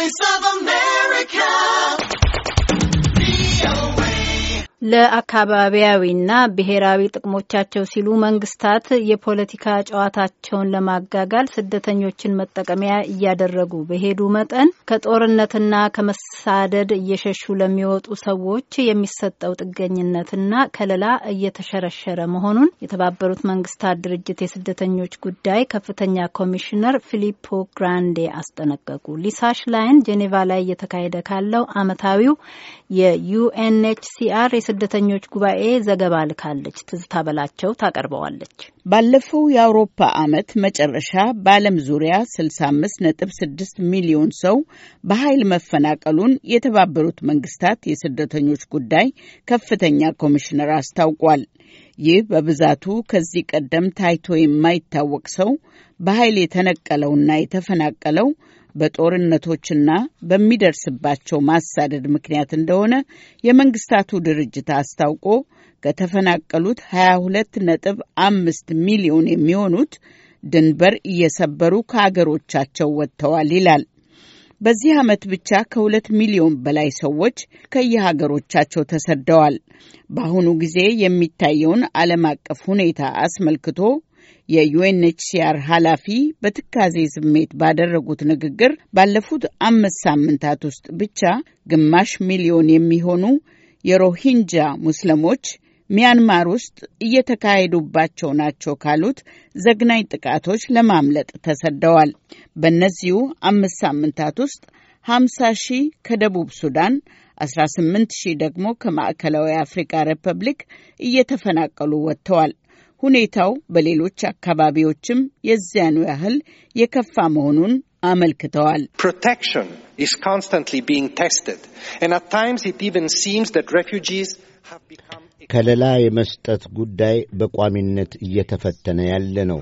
Voice of ለአካባቢያዊና ብሔራዊ ጥቅሞቻቸው ሲሉ መንግስታት የፖለቲካ ጨዋታቸውን ለማጋጋል ስደተኞችን መጠቀሚያ እያደረጉ በሄዱ መጠን ከጦርነትና ከመሳደድ እየሸሹ ለሚወጡ ሰዎች የሚሰጠው ጥገኝነትና ከለላ እየተሸረሸረ መሆኑን የተባበሩት መንግስታት ድርጅት የስደተኞች ጉዳይ ከፍተኛ ኮሚሽነር ፊሊፖ ግራንዴ አስጠነቀቁ። ሊሳ ሽላይን ጄኔቫ ላይ እየተካሄደ ካለው ዓመታዊው የዩኤንኤችሲአር የስደተኞች ጉባኤ ዘገባ ልካለች። ትዝታ በላቸው ታቀርበዋለች። ባለፈው የአውሮፓ ዓመት መጨረሻ በዓለም ዙሪያ 65.6 ሚሊዮን ሰው በኃይል መፈናቀሉን የተባበሩት መንግስታት የስደተኞች ጉዳይ ከፍተኛ ኮሚሽነር አስታውቋል። ይህ በብዛቱ ከዚህ ቀደም ታይቶ የማይታወቅ ሰው በኃይል የተነቀለውና የተፈናቀለው በጦርነቶችና በሚደርስባቸው ማሳደድ ምክንያት እንደሆነ የመንግስታቱ ድርጅት አስታውቆ ከተፈናቀሉት 22 ነጥብ ሚሊዮን የሚሆኑት ድንበር እየሰበሩ ከአገሮቻቸው ወጥተዋል ይላል። በዚህ ዓመት ብቻ ከሁለት ሚሊዮን በላይ ሰዎች ከየሀገሮቻቸው ተሰደዋል። በአሁኑ ጊዜ የሚታየውን ዓለም አቀፍ ሁኔታ አስመልክቶ የዩኤንኤችሲአር ኃላፊ በትካዜ ስሜት ባደረጉት ንግግር ባለፉት አምስት ሳምንታት ውስጥ ብቻ ግማሽ ሚሊዮን የሚሆኑ የሮሂንጃ ሙስሊሞች ሚያንማር ውስጥ እየተካሄዱባቸው ናቸው ካሉት ዘግናኝ ጥቃቶች ለማምለጥ ተሰደዋል። በእነዚሁ አምስት ሳምንታት ውስጥ 50 ሺህ ከደቡብ ሱዳን፣ 18 ሺህ ደግሞ ከማዕከላዊ አፍሪካ ሪፐብሊክ እየተፈናቀሉ ወጥተዋል። ሁኔታው በሌሎች አካባቢዎችም የዚያኑ ያህል የከፋ መሆኑን አመልክተዋል። ከለላ የመስጠት ጉዳይ በቋሚነት እየተፈተነ ያለ ነው።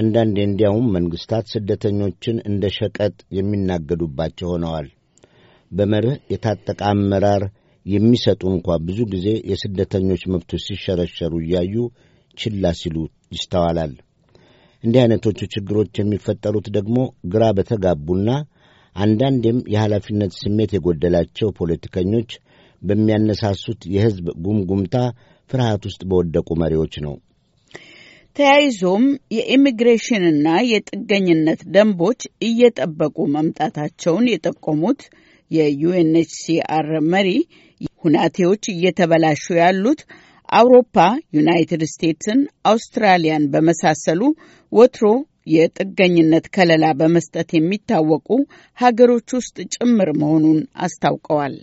አንዳንዴ እንዲያውም መንግሥታት ስደተኞችን እንደ ሸቀጥ የሚናገዱባቸው ሆነዋል። በመርህ የታጠቀ አመራር የሚሰጡ እንኳ ብዙ ጊዜ የስደተኞች መብቶች ሲሸረሸሩ እያዩ ችላ ሲሉ ይስተዋላል። እንዲህ አይነቶቹ ችግሮች የሚፈጠሩት ደግሞ ግራ በተጋቡና አንዳንዴም የኃላፊነት ስሜት የጎደላቸው ፖለቲከኞች በሚያነሳሱት የሕዝብ ጉምጉምታ ፍርሃት ውስጥ በወደቁ መሪዎች ነው። ተያይዞም የኢሚግሬሽንና የጥገኝነት ደንቦች እየጠበቁ መምጣታቸውን የጠቆሙት የዩኤንኤችሲአር መሪ ሁናቴዎች እየተበላሹ ያሉት አውሮፓ ዩናይትድ ስቴትስን፣ አውስትራሊያን በመሳሰሉ ወትሮ የጥገኝነት ከለላ በመስጠት የሚታወቁ ሀገሮች ውስጥ ጭምር መሆኑን አስታውቀዋል።